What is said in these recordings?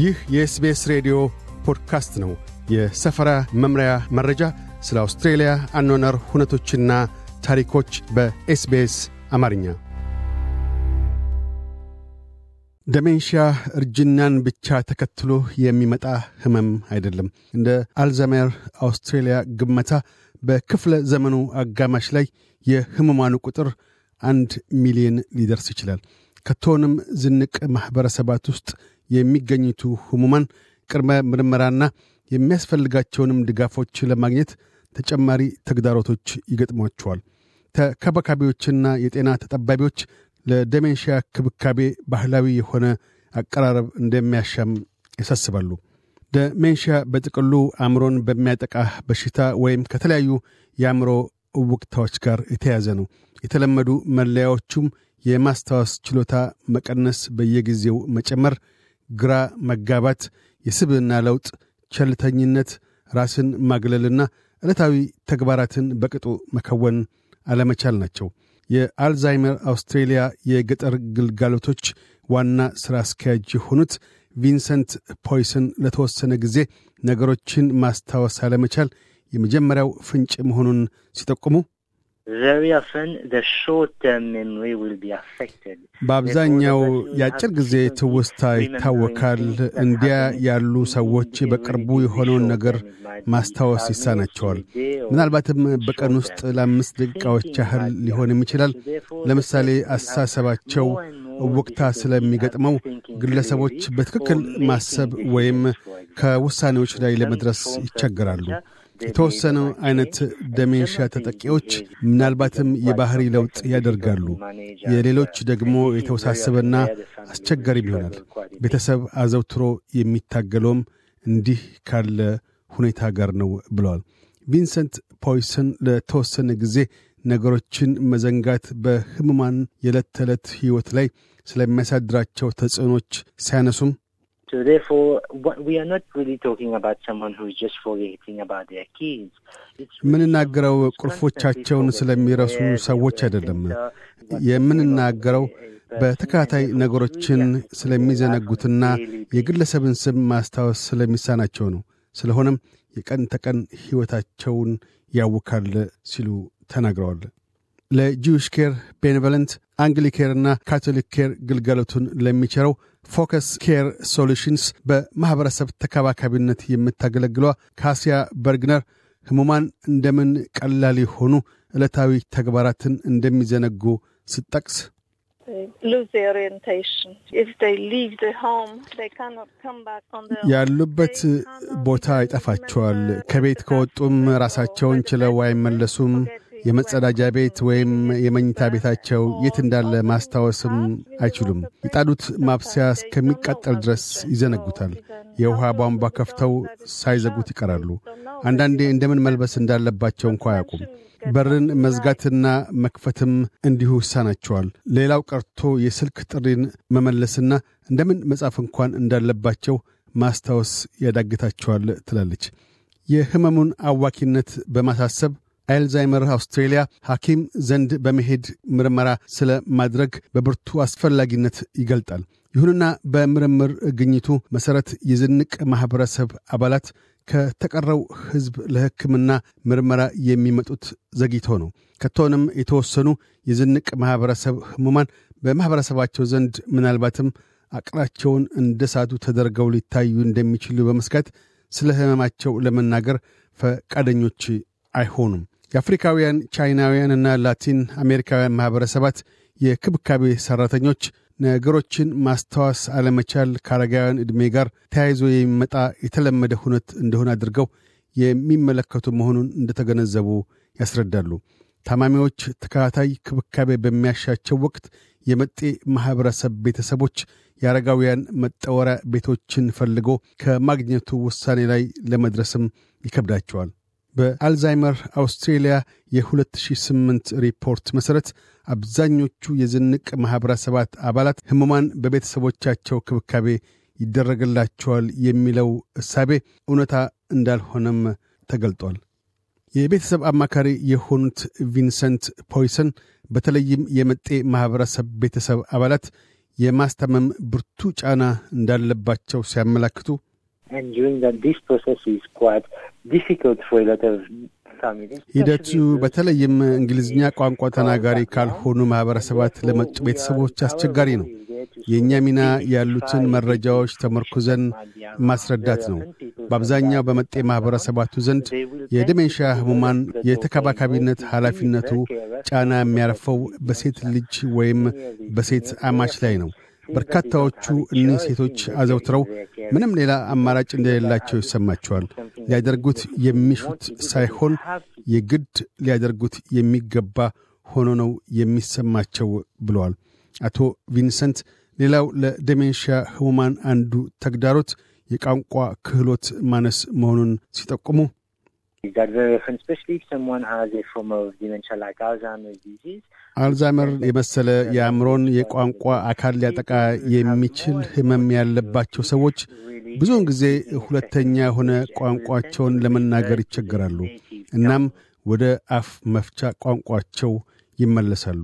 ይህ የኤስቤስ ሬዲዮ ፖድካስት ነው። የሰፈራ መምሪያ መረጃ፣ ስለ አውስትሬልያ አኗነር ሁነቶችና ታሪኮች በኤስቤስ አማርኛ። ደሜንሽያ እርጅናን ብቻ ተከትሎ የሚመጣ ህመም አይደለም። እንደ አልዘሜር አውስትሬልያ ግመታ በክፍለ ዘመኑ አጋማሽ ላይ የህሙማኑ ቁጥር አንድ ሚሊዮን ሊደርስ ይችላል። ከቶንም ዝንቅ ማኅበረሰባት ውስጥ የሚገኙቱ ህሙማን ቅድመ ምርመራና የሚያስፈልጋቸውንም ድጋፎች ለማግኘት ተጨማሪ ተግዳሮቶች ይገጥሟቸዋል። ተከባካቢዎችና የጤና ተጠባቢዎች ለደሜንሽያ ክብካቤ ባህላዊ የሆነ አቀራረብ እንደሚያሻም ያሳስባሉ። ደሜንሽያ በጥቅሉ አእምሮን በሚያጠቃ በሽታ ወይም ከተለያዩ የአእምሮ እውቅታዎች ጋር የተያዘ ነው። የተለመዱ መለያዎቹም የማስታወስ ችሎታ መቀነስ፣ በየጊዜው መጨመር፣ ግራ መጋባት፣ የስብና ለውጥ፣ ቸልተኝነት፣ ራስን ማግለልና ዕለታዊ ተግባራትን በቅጡ መከወን አለመቻል ናቸው። የአልዛይመር አውስትሬልያ የገጠር ግልጋሎቶች ዋና ሥራ አስኪያጅ የሆኑት ቪንሰንት ፖይሰን ለተወሰነ ጊዜ ነገሮችን ማስታወስ አለመቻል የመጀመሪያው ፍንጭ መሆኑን ሲጠቁሙ very often the short-term memory will be affected. በአብዛኛው የአጭር ጊዜ ትውስታ ይታወካል። እንዲያ ያሉ ሰዎች በቅርቡ የሆነውን ነገር ማስታወስ ይሳናቸዋል። ምናልባትም በቀን ውስጥ ለአምስት ደቂቃዎች ያህል ሊሆንም ይችላል። ለምሳሌ አሳሰባቸው ወቅታ ስለሚገጥመው ግለሰቦች በትክክል ማሰብ ወይም ከውሳኔዎች ላይ ለመድረስ ይቸገራሉ። የተወሰነ አይነት ደም ተጠቂዎች ምናልባትም የባህሪ ለውጥ ያደርጋሉ። የሌሎች ደግሞ የተወሳሰበና አስቸጋሪም ይሆናል። ቤተሰብ አዘውትሮ የሚታገለውም እንዲህ ካለ ሁኔታ ጋር ነው ብለዋል። ቪንሰንት ፖይሰን ለተወሰነ ጊዜ ነገሮችን መዘንጋት በህሙማን የዕለት ተዕለት ሕይወት ላይ ስለሚያሳድራቸው ተጽዕኖች ሲያነሱም So therefore, what, we are not really talking about someone who is just forgetting about their kids. የምንናገረው ቁልፎቻቸውን ስለሚረሱ ሰዎች አይደለም። የምንናገረው በተከታታይ ነገሮችን ስለሚዘነጉትና የግለሰብን ስም ማስታወስ ስለሚሳናቸው ነው። ስለሆነም የቀን ተቀን ሕይወታቸውን ያውካል ሲሉ ተናግረዋል። ለጂውሽ ኬር፣ ቤኔቨለንት አንግሊኬርና ካቶሊክ ኬር ግልጋሎቱን ለሚቸረው ፎከስ ኬር ሶሉሽንስ በማኅበረሰብ ተከባካቢነት የምታገለግሏ ካሲያ በርግነር ህሙማን እንደምን ቀላል የሆኑ ዕለታዊ ተግባራትን እንደሚዘነጉ ስትጠቅስ ያሉበት ቦታ ይጠፋቸዋል። ከቤት ከወጡም ራሳቸውን ችለው አይመለሱም። የመጸዳጃ ቤት ወይም የመኝታ ቤታቸው የት እንዳለ ማስታወስም አይችሉም። የጣዱት ማብሰያ እስከሚቃጠል ድረስ ይዘነጉታል። የውሃ ቧንቧ ከፍተው ሳይዘጉት ይቀራሉ። አንዳንዴ እንደምን መልበስ እንዳለባቸው እንኳ አያውቁም። በርን መዝጋትና መክፈትም እንዲሁ ይሳናቸዋል። ሌላው ቀርቶ የስልክ ጥሪን መመለስና እንደምን መጻፍ እንኳን እንዳለባቸው ማስታወስ ያዳግታቸዋል ትላለች። የህመሙን አዋኪነት በማሳሰብ አልዛይመር አውስትሬልያ ሐኪም ዘንድ በመሄድ ምርመራ ስለ ማድረግ በብርቱ አስፈላጊነት ይገልጣል። ይሁንና በምርምር ግኝቱ መሠረት የዝንቅ ማኅበረሰብ አባላት ከተቀረው ሕዝብ ለሕክምና ምርመራ የሚመጡት ዘግይቶ ነው። ከቶንም የተወሰኑ የዝንቅ ማኅበረሰብ ህሙማን በማኅበረሰባቸው ዘንድ ምናልባትም አቅላቸውን እንደ ሳቱ ተደርገው ሊታዩ እንደሚችሉ በመስጋት ስለ ሕመማቸው ለመናገር ፈቃደኞች አይሆኑም። የአፍሪካውያን ቻይናውያን እና ላቲን አሜሪካውያን ማኅበረሰባት የክብካቤ ሠራተኞች ነገሮችን ማስታወስ አለመቻል ከአረጋውያን ዕድሜ ጋር ተያይዞ የሚመጣ የተለመደ ሁነት እንደሆነ አድርገው የሚመለከቱ መሆኑን እንደተገነዘቡ ያስረዳሉ። ታማሚዎች ተከታታይ ክብካቤ በሚያሻቸው ወቅት የመጤ ማኅበረሰብ ቤተሰቦች የአረጋውያን መጠወሪያ ቤቶችን ፈልጎ ከማግኘቱ ውሳኔ ላይ ለመድረስም ይከብዳቸዋል። በአልዛይመር አውስትሬልያ የ2008 ሪፖርት መሠረት አብዛኞቹ የዝንቅ ማኅበረሰባት አባላት ሕሙማን በቤተሰቦቻቸው ክብካቤ ይደረግላቸዋል የሚለው እሳቤ እውነታ እንዳልሆነም ተገልጧል። የቤተሰብ አማካሪ የሆኑት ቪንሰንት ፖይሰን በተለይም የመጤ ማኅበረሰብ ቤተሰብ አባላት የማስታመም ብርቱ ጫና እንዳለባቸው ሲያመላክቱ and that this process is quite difficult for a lot of ሂደቱ በተለይም እንግሊዝኛ ቋንቋ ተናጋሪ ካልሆኑ ማኅበረሰባት ለመጡ ቤተሰቦች አስቸጋሪ ነው። የእኛ ሚና ያሉትን መረጃዎች ተመርኩዘን ማስረዳት ነው። በአብዛኛው በመጤ ማኅበረሰባቱ ዘንድ የደሜንሻ ህሙማን የተከባካቢነት ኃላፊነቱ ጫና የሚያርፈው በሴት ልጅ ወይም በሴት አማች ላይ ነው። በርካታዎቹ እኒህ ሴቶች አዘውትረው ምንም ሌላ አማራጭ እንደሌላቸው ይሰማቸዋል። ሊያደርጉት የሚሹት ሳይሆን የግድ ሊያደርጉት የሚገባ ሆኖ ነው የሚሰማቸው ብለዋል አቶ ቪንሰንት። ሌላው ለደሜንሽያ ህሙማን አንዱ ተግዳሮት የቋንቋ ክህሎት ማነስ መሆኑን ሲጠቁሙ አልዛይመር የመሰለ የአእምሮን የቋንቋ አካል ሊያጠቃ የሚችል ህመም ያለባቸው ሰዎች ብዙውን ጊዜ ሁለተኛ የሆነ ቋንቋቸውን ለመናገር ይቸገራሉ። እናም ወደ አፍ መፍቻ ቋንቋቸው ይመለሳሉ።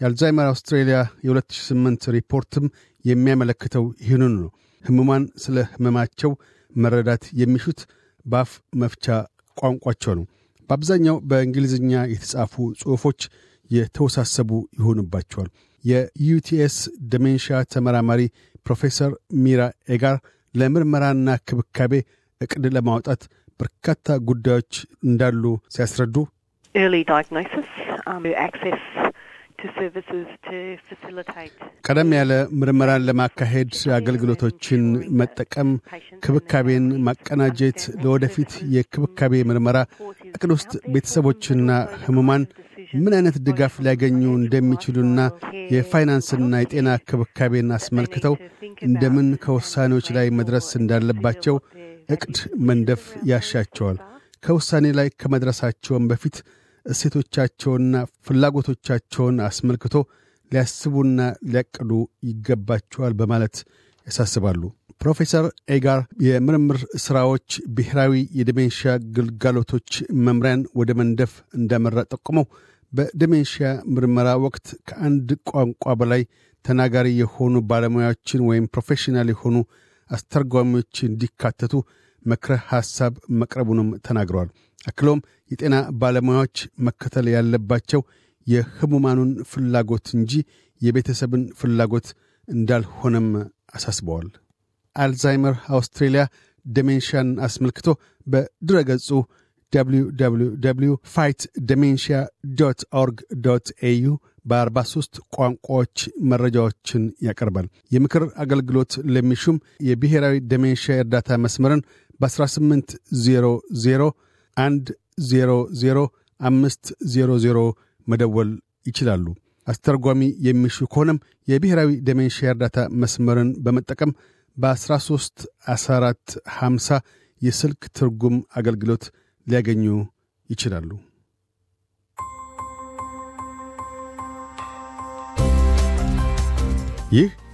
የአልዛይመር አውስትሬልያ የ2008 ሪፖርትም የሚያመለክተው ይህንኑ ነው። ህሙማን ስለ ህመማቸው መረዳት የሚሹት በአፍ መፍቻ ቋንቋቸው ነው። በአብዛኛው በእንግሊዝኛ የተጻፉ ጽሑፎች የተወሳሰቡ ይሆኑባቸዋል። የዩቲኤስ ደሜንሻ ተመራማሪ ፕሮፌሰር ሚራ ኤጋር ለምርመራና ክብካቤ እቅድ ለማውጣት በርካታ ጉዳዮች እንዳሉ ሲያስረዱ ኤርሊ አክሴስ ቀደም ያለ ምርመራን ለማካሄድ አገልግሎቶችን መጠቀም፣ ክብካቤን ማቀናጀት፣ ለወደፊት የክብካቤ ምርመራ እቅድ ውስጥ ቤተሰቦችና ህሙማን ምን አይነት ድጋፍ ሊያገኙ እንደሚችሉና የፋይናንስና የጤና ክብካቤን አስመልክተው እንደምን ከውሳኔዎች ላይ መድረስ እንዳለባቸው እቅድ መንደፍ ያሻቸዋል። ከውሳኔ ላይ ከመድረሳቸውም በፊት እሴቶቻቸውና ፍላጎቶቻቸውን አስመልክቶ ሊያስቡና ሊያቅዱ ይገባቸዋል በማለት ያሳስባሉ። ፕሮፌሰር ኤጋር የምርምር ሥራዎች ብሔራዊ የደሜንሽያ ግልጋሎቶች መምሪያን ወደ መንደፍ እንዳመራ ጠቁመው በደሜንሽያ ምርመራ ወቅት ከአንድ ቋንቋ በላይ ተናጋሪ የሆኑ ባለሙያዎችን ወይም ፕሮፌሽናል የሆኑ አስተርጓሚዎች እንዲካተቱ መክረ ሐሳብ መቅረቡንም ተናግረዋል። አክሎም የጤና ባለሙያዎች መከተል ያለባቸው የህሙማኑን ፍላጎት እንጂ የቤተሰብን ፍላጎት እንዳልሆነም አሳስበዋል። አልዛይመር አውስትሬልያ ደሜንሽያን አስመልክቶ በድረ ገጹ ፋይት ደሜንሽያ ኦርግ ኤዩ በ43 ቋንቋዎች መረጃዎችን ያቀርባል። የምክር አገልግሎት ለሚሹም የብሔራዊ ደሜንሽያ እርዳታ መስመርን በ1800 000 መደወል ይችላሉ። አስተርጓሚ የሚሹ ከሆነም የብሔራዊ ደሜንሺያ እርዳታ መስመርን በመጠቀም በ13 የስልክ ትርጉም አገልግሎት ሊያገኙ ይችላሉ። ይህ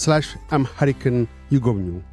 slash amharican ይጎብኙ።